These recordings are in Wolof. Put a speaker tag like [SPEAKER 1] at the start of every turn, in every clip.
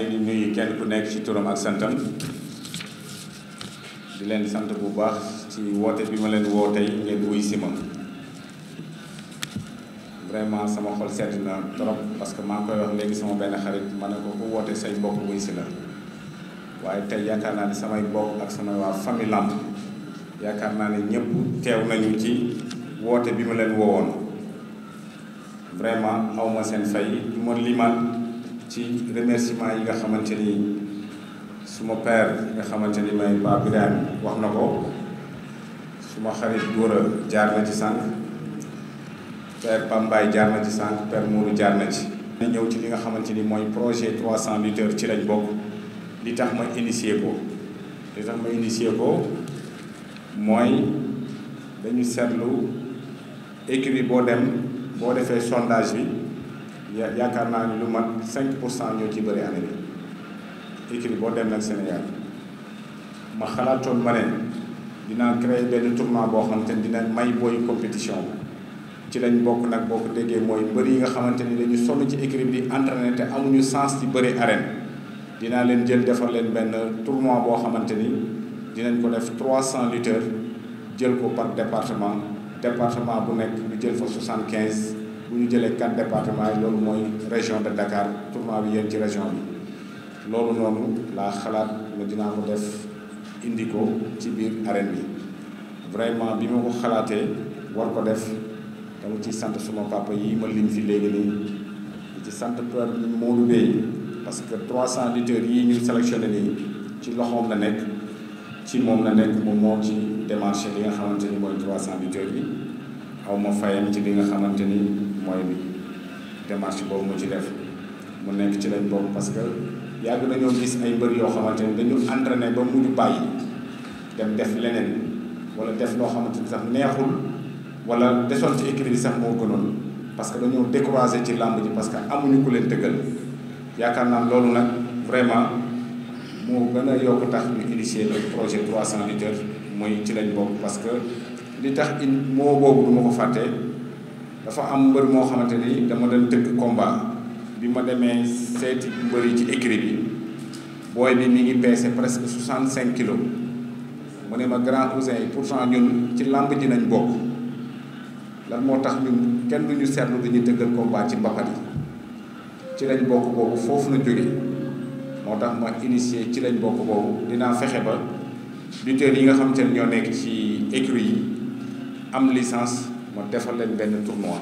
[SPEAKER 1] leen di nuyu kenn ku nekk ci turam ak santam di leen sant bu baax ci woote bi ma leen woo tey ngeen wuy si ma vraiment sama xol sedd na trop parce que maa ngi koy wax léegi sama benn xarit ma ne ko ku woote say mbokk wuy si la waaye tey yaakaar naa ni samay mbokk ak samay waa famille làmb yaakaar naa ne ñëpp teew nañu ci woote bi ma leen woowoon vraiment awma seen fay du ma limal ci remerciement yi nga xamante ni suma père yi nga xamante ni may Ba Birame wax na ko suma xarit góor a jaar na ci sànq per Pambaay jaar na ci sànq père Mourou jaar na ci. na ñëw ci li nga xamante ni mooy projet 300 lutteurs ci lañ bokk li tax ma initié ko li tax ma initié ko mooy dañu seetlu équipe bi boo dem boo defee sondage bi. yaa yaakaar naa ni lu mat 5 pour cent ñoo ci bëri année bi écrit boo dem nag Sénégal ma xalaatoon ma ne dinaa créer benn tournoi boo xamante ni dina may booy compétition ci lañ bokk nag boo ko déggee mooy mbër yi nga xamante ni dañu sonn ci écrit bi entraîné te amuñu sens ci bëri arène dinaa leen jël defar leen benn tournoi boo xamante ni dinañ ko def 300 lutteurs jël ko par département département bu nekk lu jël fa 75. bu ñu jëlee quatre départements yi loolu mooy région de Dakar tournoi bi yéen ci région bi loolu noonu laa xalaat ne dinaa ko def indi ko ci biir arène bi vraiment bi ma ko xalaatee war ko def dama ci sant suma papa yi ma lim fi léegi nii di ci sant père Modou Bey parce que trois cent lutteurs yii ñu sélectionné nii ci loxoom la nekk ci moom la nekk moom moo ci démarché li nga xamante ni mooy trois cent lutteurs yi aw ma fayam ci li nga xamante ni mooy démarche boobu mu ci def mu nekk ci lañ boobu parce que yàgg nañoo gis ay bëri yoo xamante ni dañu entraîné ba mujj bàyyi dem def leneen wala def noo xamante ni sax neexul wala desoon ci écurie bi sax moo gënoon parce que dañoo découragé ci làmb ji parce que amuñu ku leen tëggal yaakaar naa loolu nag vraiment moo gën a yokk tax ñu initier le projet 300 litres mooy ci lañ bokk parce que li tax in moo boobu du ko fàttee dafa am mbër moo xamante ni dama dem tëgg komba bi ma demee seeti mbër yi ci écrit bi booy bi mi ngi peese presque 65 kilos mu ne ma grand Ouzin yi pourtant ñun ci làmb ji nañ bokk lan moo tax ñun kenn duñu seetlu dañuy tëggal combat ci mbapat yi ci lañ bokk boobu foofu na jóge moo tax ma initié ci lañ bokk boobu dinaa fexe ba lutteurs yi nga xamante ne ñoo nekk ci écrit yi am licence moo defal leen benn tournoi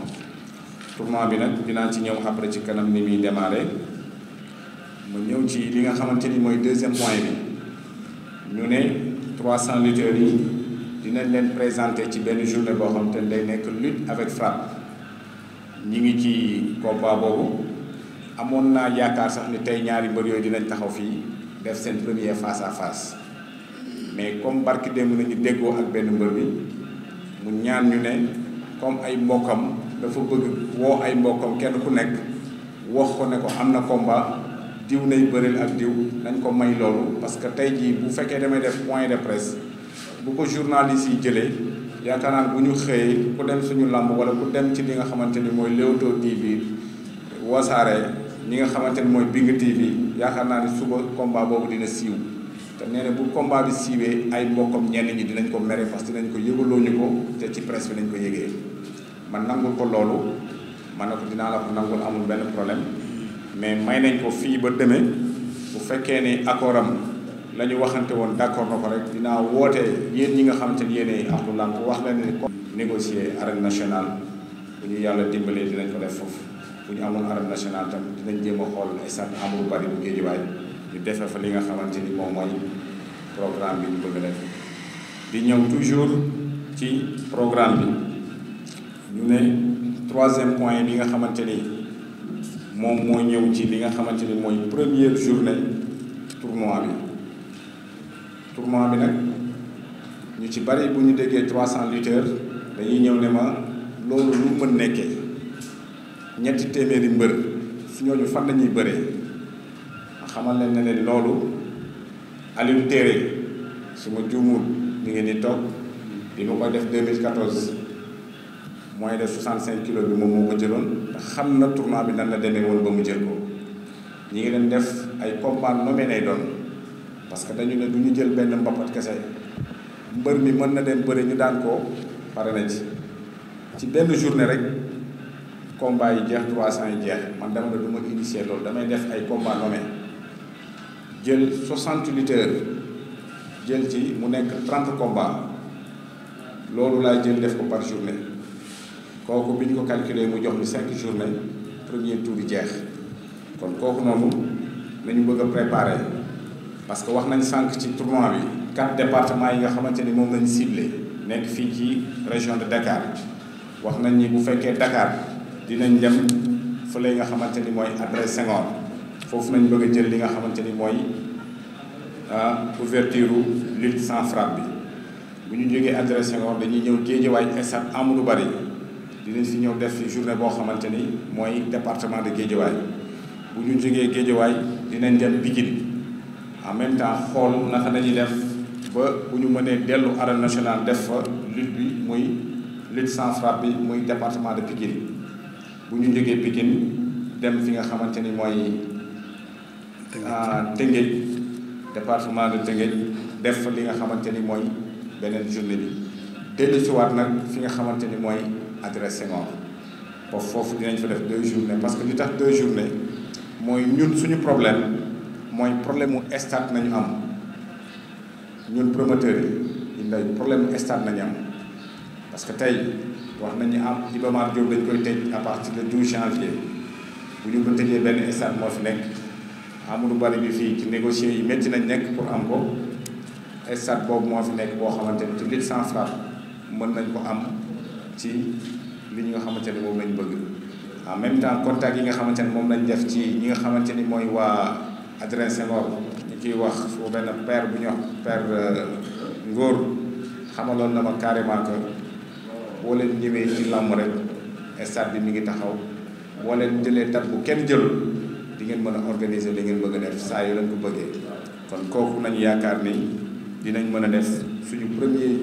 [SPEAKER 1] tournoi bi nag dinaa ci ñëw après ci kanam ni muy démarré mu ñëw ci li nga xamante ni mooy deuxième point bi ñu ne 300 lutteurs yi dinañ leen présenter ci benn journée boo xam te ne day nekk lutte avec frappe ñi ngi ci combat boobu amoon naa yaakaar sax ni tey ñaari mbër yooyu dinañ taxaw fii def seen premier face à face mais comme barki démb ñu déggoo ak benn mbër bi mu ñaan ñu ne. comme ay mbokkam dafa bëgg woo ay mbokkam kenn ku nekk wax ko ne ko am na combat diw nay bëril ak diw nañ ko may loolu parce que tey jii bu fekkee damay def point de presse bu ko journaliste yi jëlee yaakaar naa bu ñu xëyee ku dem suñu làmb wala ku dem ci li nga xamante ni mooy Leewtoo TV wasaare ñi nga xamante ni mooy Bing TV yaakaar naa ne suba combat boobu dina siiw te nee bu combat bi siiwee ay mbokkam ñenn ñi dinañ ko mere parce dinañ ko yëgaloo ñu ko te ci presse ko yëgee. man nangul ko loolu ma ne ko dinaa la ko nangul amul benn problème mais may nañ ko fii ba demee bu fekkee ne accord am la ñu waxante woon d'accord na ko rek dinaa woote yéen ñi nga xamante ni yéene ahlu làmb wax leen ne ko négocier arène nationale bu ñu yàlla dimbalee dinañ ko def foofu bu ñu amul arène nationale tam dinañ jéem a xool stade Amadou Barry bu Guédiawaye ñu defee fa li nga xamante ni moom mooy programme bi ñu bëgg def di ñëw toujours ci programme bi ñu ne troisième point bi nga xamante ni moom moo ñëw ci li nga xamante ni mooy première journée tournoi bi tournoi bi nag ñu ci bari bu ñu déggee trois cent lutteurs dañuy ñëw ne ma loolu lu mën nekkee ñetti téeméeri mbër su ñooñu fan la ñuy bëree xamal leen ne leen loolu Alioune Téere su ma juumul mi ngi ni toog bi ma koy def 2014 mooy de 65 kilos bi moom moo ko jëloon te xam na tournoi bi nan la demee woon ba mu jël ko ñi ngi leen def ay combat nommé nay doon parce que dañu ne duñu jël benn mbapat kese mbër mi mën na dem bëri ñu daan ko pare na ci ci benn journée rek combat yi jeex 300 yi jeex man dama ne du ma initier loolu damay def ay combat nommé jël 60 lutteurs jël ci mu nekk 30 combat loolu laa jël def ko par journée. kooku bi ñu ko calculé mu jox ni cinq journée premier tour yi jeex kon kooku noonu nañu bëgg a préparé parce que wax nañ sànq ci tournoi bi quatre départements yi nga xamante ni moom lañ ciblé nekk fii ci région de Dakar wax nañ ni bu fekkee Dakar dinañ dem fële nga xamante ni mooy adresse Senghor foofu nañ bëgg a jël li nga xamante ni mooy ah, ouverture lutte sans frappe bi bu ñu jógee adresse Senghor dañuy ñëw Guédiawaye stade Amadou Barry dinañ fi ñëw def fi journée boo xamante ni mooy département de Guédiawaye bu ñu jógee géejawaay dinañ dem Pikine en même temps xool naka dañuy def ba bu ñu mënee dellu arène nationale def fa lutte bi muy lutte sans frappe département de Pikine bu ñu jógee Pikine dem nga xamante ni mooy ah, Tëngéej département de Tëngéej def fa li nga xamante ni mooy beneen journée bi dellu si waat nag fi nga xamante mooy adressé moom foofu foofu dinañ fa def deux journées parce que li tax deux journées mooy ñun suñu problème mooy problème mu stade nañu am ñun promoteur yi ñu ne problème mu stade nañu am parce que tey wax nañu am ah Iba Mar Diop dañ koy tëj à partir de 12 janvier bu ñu ko tëjee benn stade moo fi nekk Amadou Bari bi fii ci négocier yi métti nañ nekk pour am ko state boobu moo fi nekk boo xamante ni ci lutte sans frappe mën nañ ko am. ci li ñu nga xamante ne moom lañ bëgg en même temps contact yi nga xamante ne moom lañ def ci ñi nga xamante ni mooy waa adressé ngor ñu ciy wax foo benn père bu ñu wax père euh, ngóor xamaloon na ma carrément que boo leen ñëwee ci làmb rek stade bi mi ngi taxaw boo leen jëlee tat bu kenn jël di ngeen mën a organiser li ngeen bëgg a def saa yu leen ko bëggee kon kooku nañu yaakaar nii dinañ mën a def suñu premier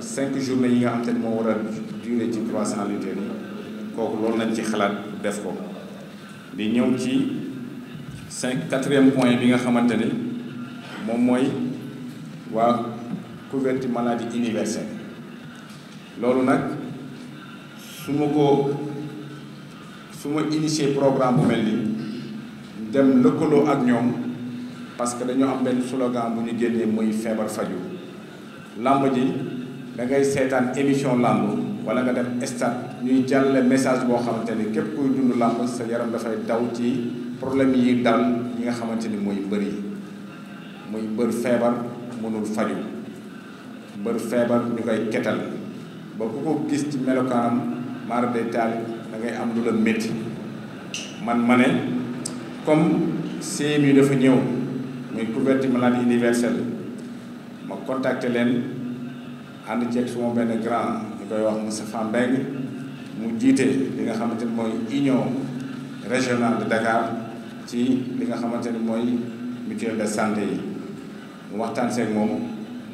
[SPEAKER 1] cinq journée yi nga xam te moo war dimbale ci croissant lutteurs yi kooku loolu nañ ci xalaat def ko di ñëw ci cinq quatrième point bi nga xamante ni moom mooy waa couverture maladie universelle loolu nag su ma ko su ma initier programme bu mel ni dem lëkkaloo ak ñoom parce que dañoo am benn slogan bu ñu génnee muy feebar faju làmb ji da ngay seetaan émission làmb wala nga def stade ñuy jàlle message boo xamante ni képp kuy dund làmb sa yaram dafay daw ci problème yi dal ñi nga xamante ni mooy mbër yi muy mbër feebar mënul faju mbër feebar ñu koy ketal ba ku ko gis ci melokaanam mara day taal da ngay am lu la métti man ma ne comme CMU dafa ñëw muy couverture maladie universelle ma contacté leen ànd ceeg suma benn grand ñu koy wax Moustapha Mbengue mu jiite li nga xamante ni mooy union régionale de Dakar ci li nga xamante ni mooy mutuelle de santé yi mu waxtaan seeg moom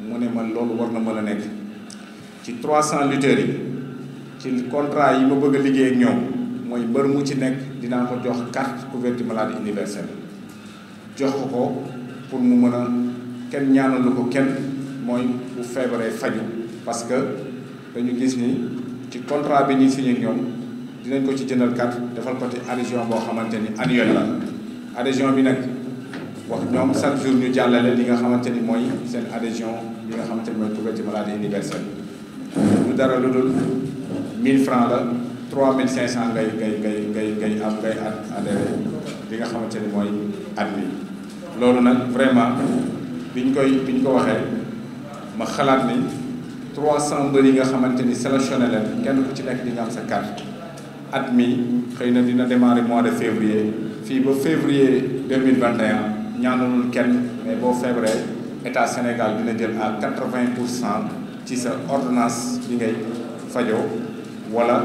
[SPEAKER 1] mu ne man loolu war na mën a nekk ci trois cent lutteurs yi ci contrat yi ma bëgg a liggéey ñoom mooy mbër mu ci nekk dinaa ko jox carte couverture maladie universelle jox ko ko pour mu mën a kenn ñaanalu ko kenn mooy bu feebaree faju parce dañu gis ni ci contrat bi ñuy signé ak ñoom dinañ ko ci jëndal carte defal ko ci adhésion boo xamante ni annuelle la adhésion bi nag wax ñoom chaque jour ñu jàllale li nga xamante ni mooy seen adhésion bi nga xamante ni mooy couverture maladie universelle lu dara lu dul 1000 francs la 3500 ngay ngay ngay ngay ngay am ngay adhéré li nga xamante ni mooy at bi loolu nag vraiment ñu koy biñ ko waxee ma xalaat ni 300 mbër yi nga xamante ni sélectionné leen kenn ku ci nekk di nga am sa carte at mi xëy na dina démarrer mois de février fii ba février 2021 ñaanalul kenn mais boo feebaree état Sénégal dina jël ak à vingt pour cent ci sa ordinance bi ngay fajoo wala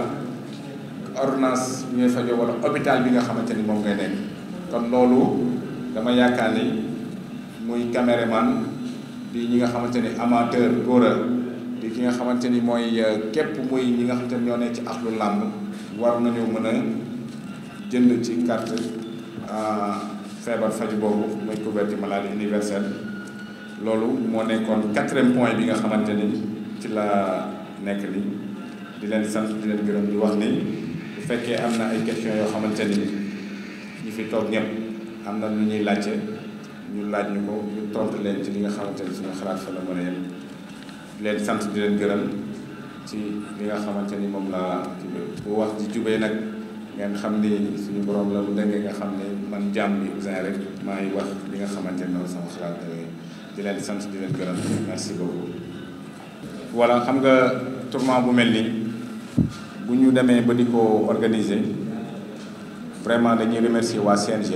[SPEAKER 1] ordinance bi ngay fajoo wala hôpital bi nga xamante ni moom ngay nekk kon loolu dama yaakaar ni muy caméraman di ñi nga xamante ni amateur góor ki nga xamante ni mooy euh, képp muy ñi nga xamante ni ñoo ne ci axlu làmb war nañu mën a jënd ci carte euh, feebar faju boobu muy couverture maladie universelle loolu moo nekkoon quatrième point bi nga xamante ni ci la nekk ni di leen sant di leen gërëm di wax ni bu fekkee am na ay questions yoo xamante ni ñu fi toog ñëpp am na lu ñuy laajte ñu laaj ñu ko ñu tontu leen ci li nga xamante ni suñu xalaat fa la mën a yem di leen sant di leen gërëm ci li nga xamante ni moom laa bu wax ji jubee nag ngeen xam ni suñu borom la lu dëngee nga xam ne man jàmm bi Ouzin rek maa ngi wax li nga xamante ni noonu sama xalaat di leen sant di leen gërëm merci beaucoup. voilà xam nga tournoi bu mel nii bu ñu demee ba di ko organiser vraiment dañuy remercier waa CNG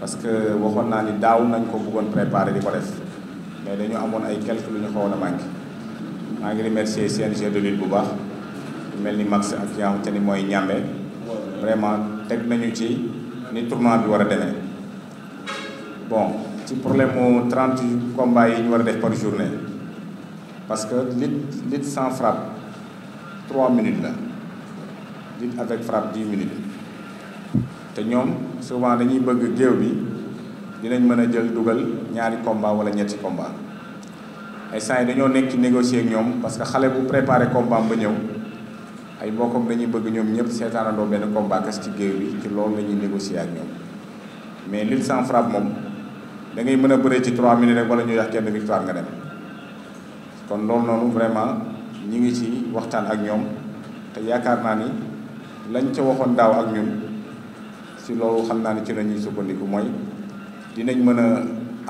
[SPEAKER 1] parce que waxoon naa ni daaw nañ ko buggoon préparer di ko def. mais dañu amoon ay quelque lu ñu xawoon a manqué maa ngi remercier CNG de lutte bu baax mel ni Max ak yaa te ni mooy ñàmbe vraiment teg nañu ci ni tournoi bi war a demee bon ci problème mu trente combats yi ñu war a def par journée parce que lutte lutte cent frappe trois minutes la lutte avec frappe dix minutes te ñoom souvent dañuy bëgg géew bi dinañ mën a jël dugal ñaari combat wala ñetti combat ay saa dañoo nekk ci négocier ak ñoom parce que xale bu préparé combat ba ñëw ay mbokkam dañuy bëgg ñoom ñëpp seetaanandoo benn combat kas ci géew bi ci loolu lañuy ñuy négocier ak ñoom mais lutte sans frappe moom dangay mën a bëree ci 3 minutes rek wala ñu yax kenn victoire nga dem kon loolu noonu vraiment ñi ngi ci waxtaan ak ñoom te yaakaar naa ni lañ ca waxoon daaw ak ñun si loolu xam naa ni ci la ñuy sukkandiku mooy. dinañ mën a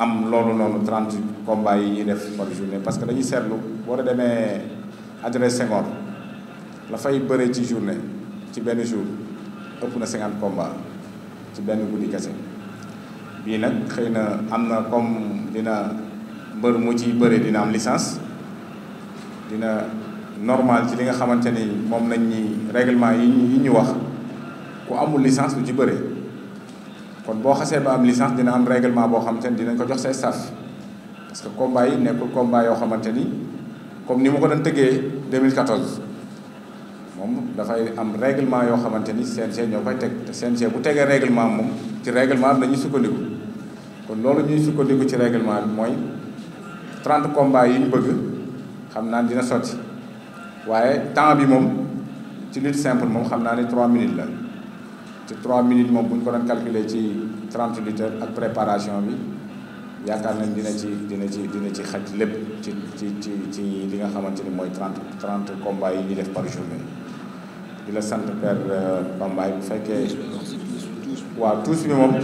[SPEAKER 1] am loolu noonu trente combats yi ñuy def par journée parce que dañuy seetlu boo demee adresse Senghor la fay bëre ci journée ci benn jour ëpp na cinquante combats ci benn guddi kese bii nag xëy na am na comme dina mbër mu ciy bëre dina am licence dina normal ci li nga xamante ni moom lañ ñi règlement yi ñu wax ku amul licence du ci bëre. kon boo xasee ba am licence dina am réglement boo xamante ni dinañ ko jox say staff parce que yi nekkul combat yoo xamante ni comme ni mu ko doon tëggee 2014 moom dafay am règlement yoo xamante ni CNG ñoo koy teg te CNG bu tegee règlement moom ci règlement am ñuy sukkandiku kon loolu ñuy sukkandiku ci réglement bi mooy 30 combats yi ñu bëgg xam naa ni dina sotti waaye temps bi moom ci lutte simple moom xam naa ne 3 minutes la. te 3 minutes moom bu ñu ko doon calculer ci 30 litres ak préparation bi yaakaar nañ dina ci dina ci dina ci xaj lépp ci ci ci ci li nga xamante ni mooy 30 30 combats yi ñu def par journée di la sant père euh, bu fekkee waaw tous bi moom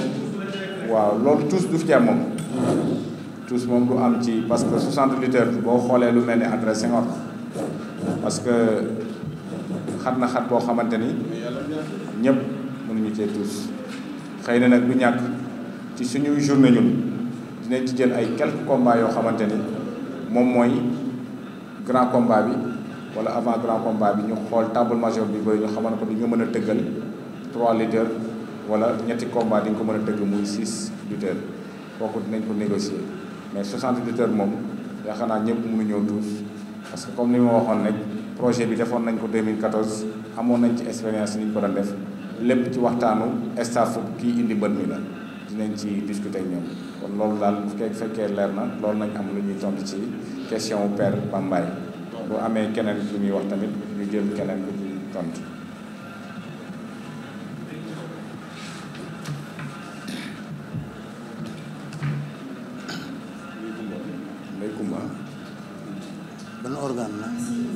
[SPEAKER 1] waaw loolu tous du fi ci moom tous moom du am ci parce que 60 litres boo xoolee lu mel ni Adrien Senghor parce que xat na xat boo xamante ni ñëpp ñu cee tuus xëy na nag bu ñàkk ci suñuy journée ñun dinañ ci jël ay quelques combats yoo xamante ni moom mooy grand combat bi wala avant grand combat bi ñu xool table major bi ba ñu xaman ko di nga mën a tëggal trois lutteurs wala ñetti combat di ko mën a tëgg muy six lutteurs kooku dinañ ko négocier mais soixante lutteurs moom yaakaar naa ñëpp mënuñoo tuus parce que comme ni ma waxoon rek projet bi defoon nañ ko 2014 amoon nañ ci expérience ni lépp ci waxtaanu staffu kii indi bët mi la dinañ ci discuter ñoom kon loolu daal bu fekkee leer na loolu nañ am lu ñuy tontu ci question wu père Bambaye bu amee keneen lu muy wax tamit ñu jëm keneen lu ñuy tontu. ban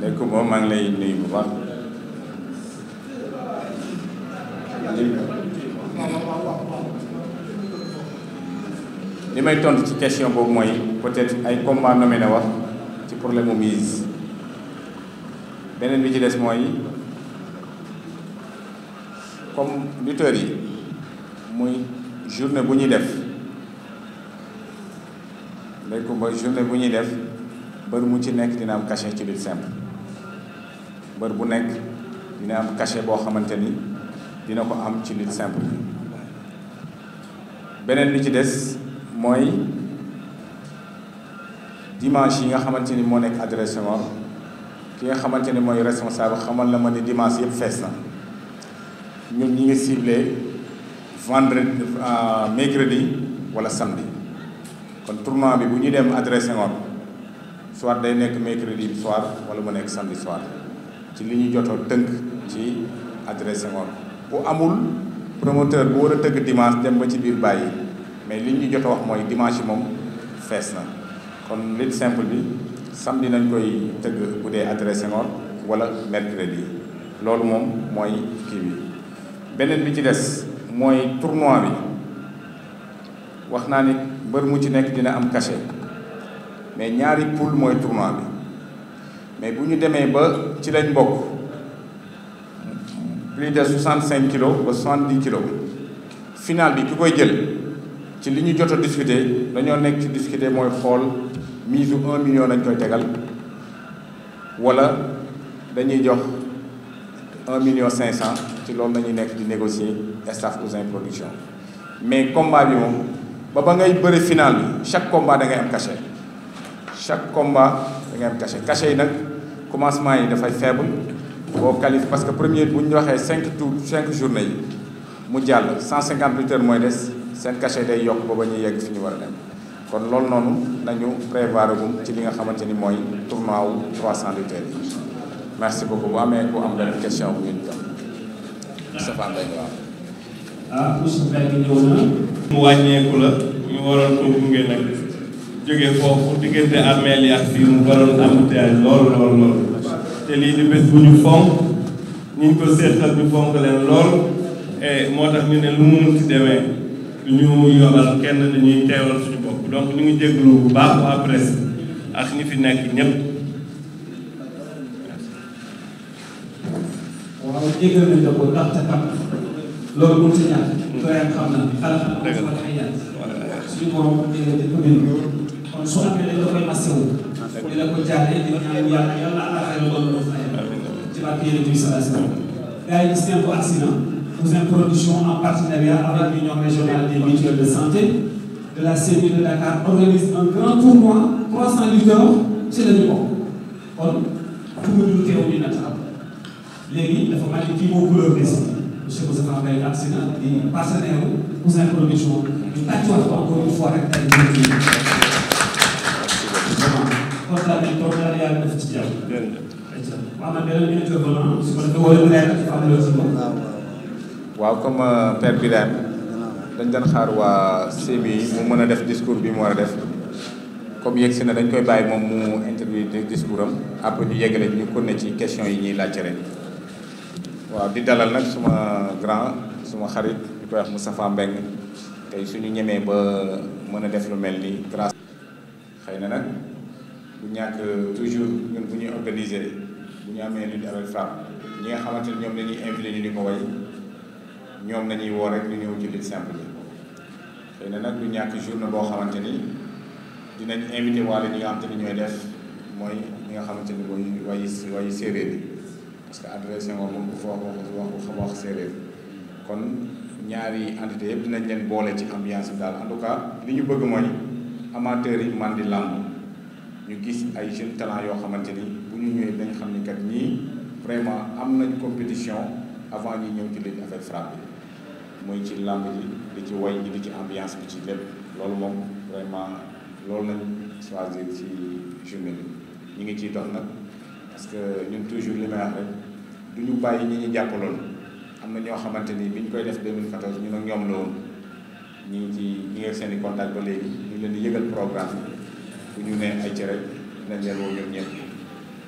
[SPEAKER 1] nekk moom maa lay nuyu bu li may tontu ci question boobu mooy peut-être ay combat nommé na wax ci problème mu mise beneen bi ci des mooy comme lutteurs yi muy journée bu ñuy def léegi ba journée bu ñuy def bëri mu ci nekk dina am cachet ci lutte simple. mbër bu nekk dina am cachet boo xamante ni dina ko am ci lutte simple bi beneen bi ci des mooy dimanche yi nga xamante ni moo nekk adressé mor ki nga xamante ni mooy responsable xamal la ma ni dimanche yëpp fees na ñun ñi ngi ciblé vendredi euh, mercredi wala samedi kon tournoi bi bu ñu dem adressé mor day nekk mercredi soir wala mu nekk samedi soir ci li ñu jotoo tënk ci adressé ngoon bu amul promoteur bu war a tëgg dimanche dem ba ci biir bàyyi mais li ñu jot a wax mooy dimanche moom fees na kon lutte simple bi samedi nañ koy tëgg bu dee adressé ngoon wala mercredi loolu moom mooy kii bi beneen bi ci des mooy tournoi bi wax naa ni mbër mu ci nekk dina am cachet mais ñaari poule mooy tournoi bi mais bu ñu demee ba ci lañ bokk plus de 65 kilos ba 70 kilos final bi bi ki koy jël ci li ñu jot a discuter dañoo nekk ci discuter mooy xool mise u 1 million lañ koy tegal wala dañuy jox 1 million cinq 500 ci loolu la ñuy nekk di négocier staff Ouzin Production mais combat bi moom ba ba ngay bëri final bi chaque combat da ngay am cachet chaque combat da ngay am cachet cachet yi nag. commencement yi dafay faible boo qualif parce que premier bu ñu waxee cinq tours cinq journée yi mu jàll cent cinquante huit mooy des seen cachet day yokk ba ñu yegg fi ñu war a dem kon loolu noonu nañu prévoir gum ci li nga xamante ni mooy tournoi wu trois cent lutteurs yi merci beaucoup bu amee ku am benn question bu ngeen jox Moustapha Mbengue waaw.
[SPEAKER 2] ah Moustapha Mbengue jógee foofu diggante armeel yi ak fii mu waroon embouteillage lool lool lool te lii di bés bu ñu fonk ñu ngi ko seetal ñu fonk leen lool e, moo tax ñu ne lu mu ci demee ñu yoral kenn dañuy teewal suñu bopp donc ñu ngi jéglu bu baax waa presse ak ñi fi nekk ñépp kon su amee dañ la koy masawu. di la ko jaaree di ñaan yàlla yàlla àllaxira doon def ci barke yéen bi sallallahu alayhi wa sallam. gars yi gis ngeen ko accident. Ouzin Production en partenariat avec l'union régionale des mutuelles de santé de la CMU de Dakar organise un grand tournoi 300 lutteurs ci la ñu bokk kon fu mu ñu teew ñu natt léegi dafa mel ni kii moo couleur des monsieur Moustapha Mbaye accident di partenaire Ouzin Production ñu tàccuwaat ko encore une fois rek
[SPEAKER 1] waaw comme Père Birame dañ doon xaar waa CBI mu mën a def discours bi mu war a def comme yegg si na dañ koy bàyyi moom mu intervenir discours am après ñu yeggale ñu continuer ci question yi ñuy laajte rek. waaw di dalal nag suma grand suma xarit di koy wax Moustapha Mbengue tey suñu ñemee ba mën a def lu mel ni grâce xëy na nag bu ñàkk toujours bu ñuy organiser bu ñu amee lutte avec femme ñi nga xamante ne ñoom dañuy invité ñu di ko way ñoom nañuy woo rek ñu ñëw ci lutte simple bi xëy na nag du ñàkk journée boo xamante ni dinañ invité waale ñi nga xamante ni ñooy def mooy ñi nga xamante ni mooy wayu wayu séeréer yi parce que adressé moom moom foo wax wax séeréer kon ñaari entité yëpp dinañ leen boole ci ambiance bi daal en tout cas li ñu bëgg mooy amateurs yi man di làmb ñu gis ay jeunes talent yoo xamante ni bu ñu ñëwee dañ xam ni kat ñii vraiment am nañ compétition avant ñi ñëw ci lutte avec frappe bi ci làmb ji di ci way di ci ambiance bi ci lépp loolu moom vraiment loolu lañ choisir ci journée bi ñu ngi ciy dox nag parce que ñun toujours li may rek du ñu bàyyi ñi ñu jàppaloon am na ñoo xamante ni bi ñu koy def 2014 ñu ne ñoom la ñu ngi ci ñu ngee seen i contact ba léegi ñu leen di yëgal programme bu ñu nee ay rek dinañ leen woo ñoom ñëpp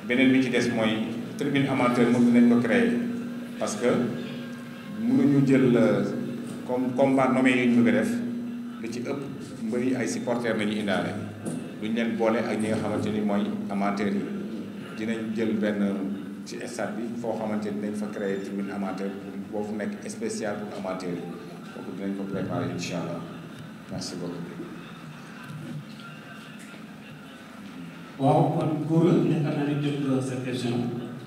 [SPEAKER 1] beneen bi ci des mooy tribune amateur moom dinañ ko créer parce que mu ñu jël euh, comme combat nommé yi ñu bëgg def li ci ëpp mbëri ay supporters la ñu indaale duñ leen boole ak ñi nga xamante ni mooy amateur yi dinañ jël benn ci stade bi foo xamante ni dañ fa créer tribune amateur boobu nekk spécial pour amateur yi kooku dinañ ko préparer incha allah merci beaucoup. waaw kon
[SPEAKER 2] pour yaakaar naa ne jot nga sa question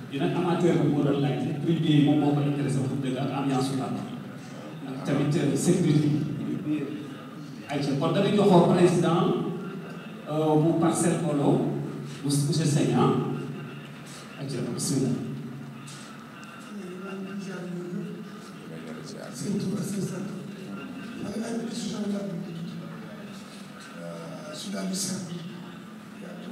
[SPEAKER 2] dina amateur bi moo doon laajte prix bi moom moo ko intéressé wax dëgg ak ambiance su làmb ak tamit euh, sécurité bi ay ca kon danañ joxoo président euh, bu parcelle Kolo bu monsieur Sagnan
[SPEAKER 3] ak ca bismillah euh, Sudah bisa.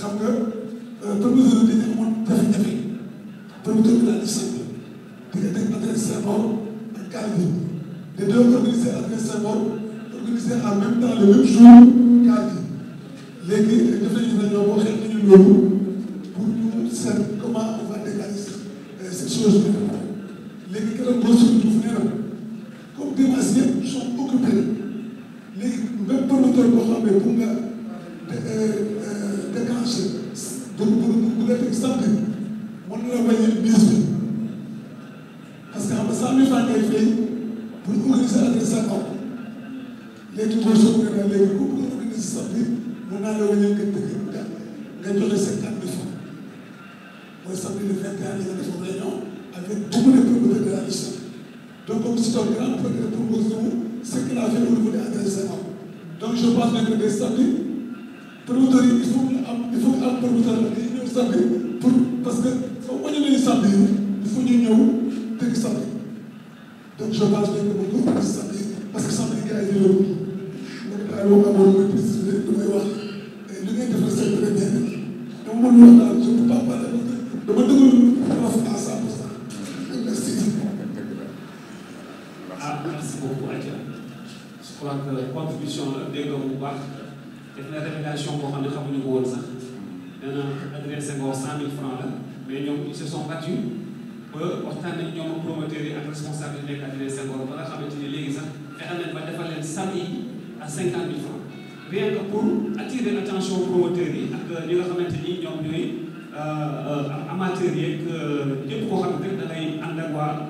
[SPEAKER 3] xam nga euh, promoteur bi dañu amoon jafe-jafe promoteur bi daal di sëñ bi di nga dégg adresse bor ak cadre les deux organisés adresse bor organisé en même temps le même jour cadre léegi def nañu réunion boo xel nañu loolu pour ñu seet comment on va dégager euh, ces choses bi léegi keroog boo suñu duuf nee na comme dimanche yëpp sont occupés léegi même promoteur boo xam ne pour nga euh, déclenché bu bu bu nekk sànq mën na la wàññil biis bi parce que xam nga cent mille francs ngay fay pour ñu organiser adresse sa kaw léegi boo soxla nga léegi boo ko organiser sa bi mën naa la wàññil nga dëgg nga nga joxe cinquante mille francs mooy samedi le vingt et un nga def réunion avec tous les producteurs de la région donc comme c'est un grand projet pour nous c'est que la vie au niveau de l'adresse sa kaw donc je pense que des samedi promoteurs yi il faut que ñu am il faut que am promoteur ak parce que soo wàññilee sànq yi il faut ñu ñëw dégg sànq donc je pense que moom ñoo parce que sànq yi gars yi ñu ne la ñu. donc amoon mooy précisé li may wax li ngay def seen beneen dama mën wax daal
[SPEAKER 2] je ne peux pas parler dama déglu wax à def na révélation boo xam ne xamuñu ko woon sax dana adressé ngoo cent mille francs la ñoom ils se sont battus ba waxtaan nañ ñoom promoteurs yi ak responsable yi nekk adressé pour attirer l'attention promoteurs ak ñi nga xamante ni ñoom ñooy euh, euh, amateurs yeeg euh, ñëpp koo xam ne da ngay ak waa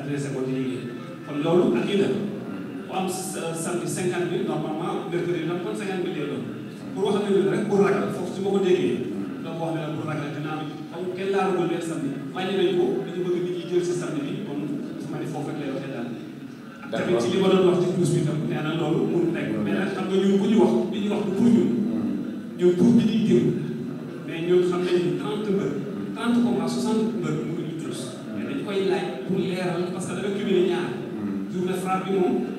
[SPEAKER 2] adressé ngoo di liggéey kon loolu ak yi la bu am samedi cinquante mille normalement mercredi nag kon cinquante mille lay doon pour wax ne rek pour ragal foofu su ma ko déggee dama wax ne la pour ragal rek lay nag xam nga ñun bu ñu wax li ñu wax du pour ñun hmm. ñun pour bi ñuy jëm mais ñun xam nañu trente mbër trente combat soixante mbër mënuñu tuus hmm. mais dañ koy laaj pour leeral parce que dafa ñaar hmm. jour de frappe bi moom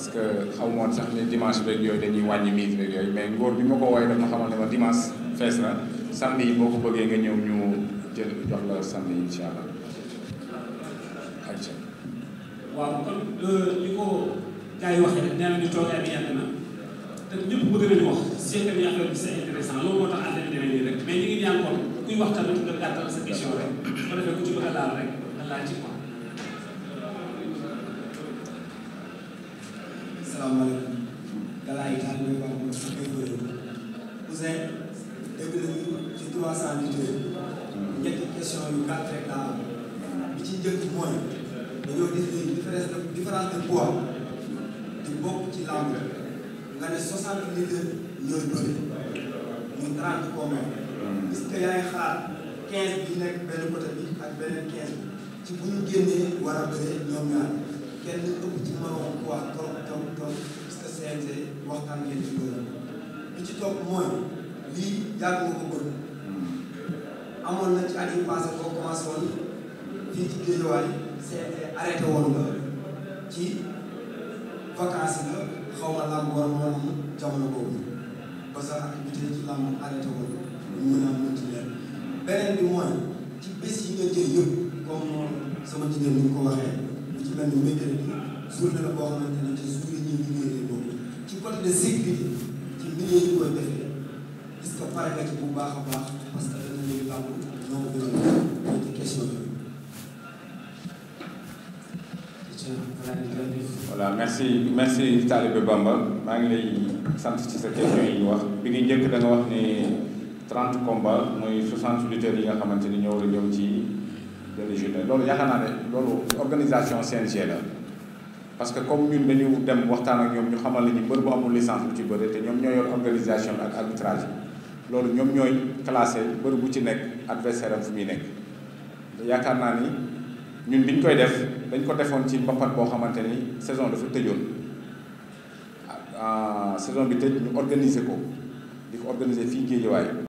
[SPEAKER 1] parce que xamu woon sax ni dimanche beeg yooyu dañuy wàññi mise beeg yooyu mais ngóor bi ma ko woowee dafa xamal ne ma dimanche fees na samedi yi boo ko bëggee nga ñëw ñu jël jox la samedi euh, yi incha loolu moo tax
[SPEAKER 2] affaire bi demee rek mais ñu ngi ñaan kon kuy wax tamit nga gàttal sa question rek bu ko defee ku ci bëgg rek nga laaj ci quoi.
[SPEAKER 3] asalaamaaleykum galaay yi daal mooy wax moom si kër bëri Ouzin dégg nañu ci trois cent litres ñetti question yu gàtt rek laa bi ci njëkk mooy dañoo gis ne différence de différence de poids di bokk ci làmb nga ne soixante litres ñooy bëri muy trente combats est-ce que yaay xaar quinze bi nekk benn côté bi ak beneen quinze ci bu ñu génnee war a bëri ñoom ñaar kenn ëpp ci moroom poids trop taw toog parce que CNG waxtaan ngeen ci bëri li ci toog mooy lii yàgg nga ko bëgg hmm. amoon na ci at yu passé boo commencé woon fii ci géejuwaay CNG arrêté woon nga ci vacances la xaw ma làmb war ma am jamono boobu ba sa activité ci làmb arrêté woon ñu mën a mën ci leer beneen bi mooy ci bés yi nga jël yëpp comme sama jigéen ni ñu ko waxee lu ci mel ni mbéykat yi journée de sécurité bu baax a baax parce que
[SPEAKER 1] dana ñuy merci merci Talibé Bamba maa ngi lay sant ci sa question yi wax bi nga njëkk da nga wax ne 30 combats mooy 60 lutteurs yi nga xamante ni ñoo war ci ñëw ci délégionnaire loolu yaakaar naa ne loolu organisation CNG la. parce que comme ñun dañu dem waxtaan ak ñoom ñu xamal la ñu mbër bu amul licence bu ci bëre te ñoom ñoo organisation ak arbitrage loolu ñoom ñooy classé mbër bu ci nekk adversaire am fu muy nekk. yaakaar naa ni ñun biñ koy def dañ ko defoon ci mbappat boo xamante ni saison dafa tëjoon ah, ah, saison bi tëj ñu organiser ko di ko organiser fii Guédiawaye